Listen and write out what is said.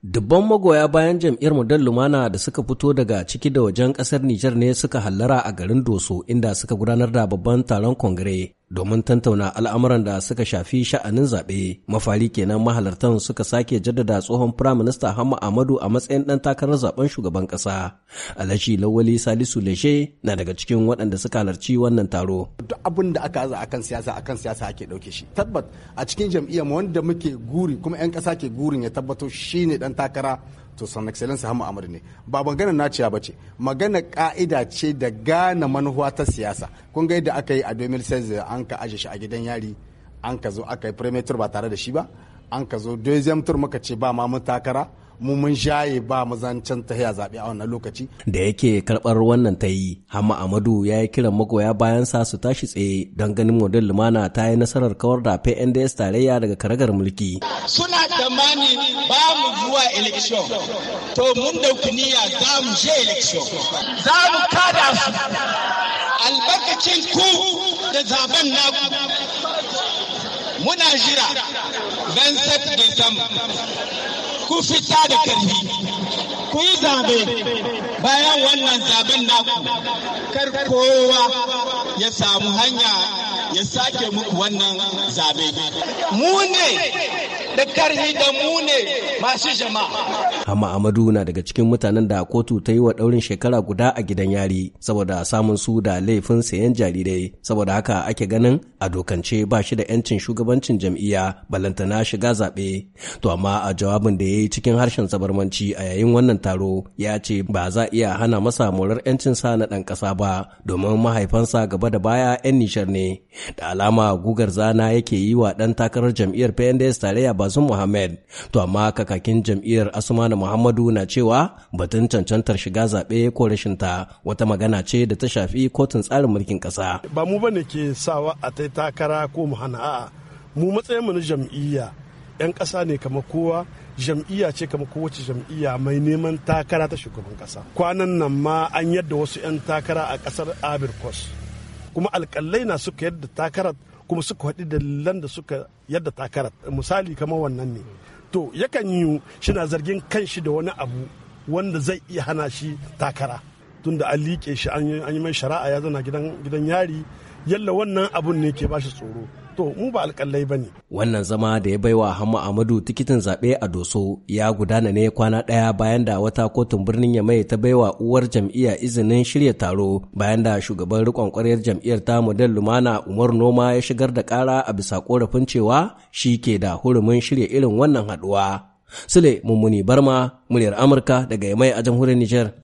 Dubban magoya bayan jam'iyyar Model Lumana da suka fito daga ciki da wajen kasar Nijar ne suka hallara a garin Doso inda suka gudanar da babban taron kongire domin tantauna al'amuran da suka shafi sha'anin zaɓe mafari kenan mahalartan suka sake jaddada tsohon firaminista hamma amadu a matsayin ɗan takarar zaben shugaban kasa alhaji lawali salisu leshe na daga cikin waɗanda suka halarci wannan taro duk abin da aka za akan siyasa akan siyasa ake ɗauke shi tabbat a cikin jam'iyyar mu wanda muke guri kuma 'yan ƙasa ke gurin ya tabbato shine dan takara to san excellence hamma amadu ne ba magana naciya ba ce magana ka'ida ce da gane manuwa ta siyasa kun ga yadda aka yi a 2016 an an ka aje shi a gidan yari an ka zo aka yi premier tour ba tare da shi ba an ka zo deuxième tour muka ce ba ma mun takara mu mun shaye ba mu zancen ta haya zaɓe a wannan lokaci. Da yake karɓar wannan ta yi, Hama Amadu ya yi kiran magoya bayan sa su tashi tsaye don ganin model lumana ta yi nasarar kawar da PNDS tarayya daga karagar mulki. Suna tsammani ba mu zuwa election, to mun dauki niyya za mu je election, za mu kada su. Albarkacin ku da zaben naku muna jira ban Disamba ku fita da karfi ku yi zabe bayan wannan zaben naku kar kowa ya samu hanya ya sake muku wannan zabe mu ne da karhi da mu masu jama'a. Hama Amadu na daga cikin mutanen da kotu ta yi wa ɗaurin shekara guda a gidan yari saboda samun su da laifin sayan jarirai saboda haka ake ganin a dokance ba shi da 'yancin shugabancin jam'iyya balantana shiga zaɓe. To amma a jawabin da ya yi cikin harshen sabarmanci a yayin wannan taro ya ce ba za iya hana masa morar sa na ɗan ƙasa ba domin mahaifansa gaba da baya 'yan nishar ne. Da alama gugar zana yake yi wa ɗan takarar jam'iyyar PNDS tarayya bazum muhammad to amma kakakin jam'iyyar asmanu muhammadu na cewa batun cancantar shiga zaɓe ko rashin ta wata magana ce da ta shafi kotun tsarin mulkin ƙasa ba mu bane ke sawa a ta takara ko mu hana a'a mu matsayin mu na jam'iyya 'yan ƙasa ne kamar kowa jam'iyya ce kamar kowace jam'iyya mai neman takara ta shugaban ƙasa kwanan nan ma an yadda wasu 'yan takara a ƙasar abirkos kuma alƙalai na suka yadda takarar kuma suka haɗu dalilan da suka yadda takarar misali kamar wannan ne to yakan yi shina zargin kanshi da wani abu wanda zai iya hana shi takara tunda an liƙe shi an yi mai shari'a ya zana gidan yari yalla wannan abun ne ke bashi tsoro to mu ba alƙalai ba ne. Wannan zama da ya baiwa Hamma Amadu tikitin zaɓe a Doso ya gudana ne kwana ɗaya bayan da wata kotun birnin Yamai ta baiwa uwar jam'iyya izinin shirya taro bayan da shugaban riƙon ƙwarar jam'iyyar ta Model Lumana Umar Noma ya shigar da ƙara a bisa ƙorafin cewa shi ke da hurumin shirya irin wannan haɗuwa. Sule Mummuni Barma, muryar Amurka daga Yamai a jamhuriyar Nijar.